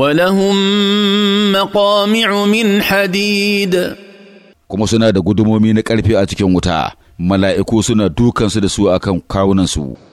ولهم مقامع من حديد kuma suna da gudumomi na ƙarfe a cikin wuta mala'iku suna dukansu da su akan kawunansu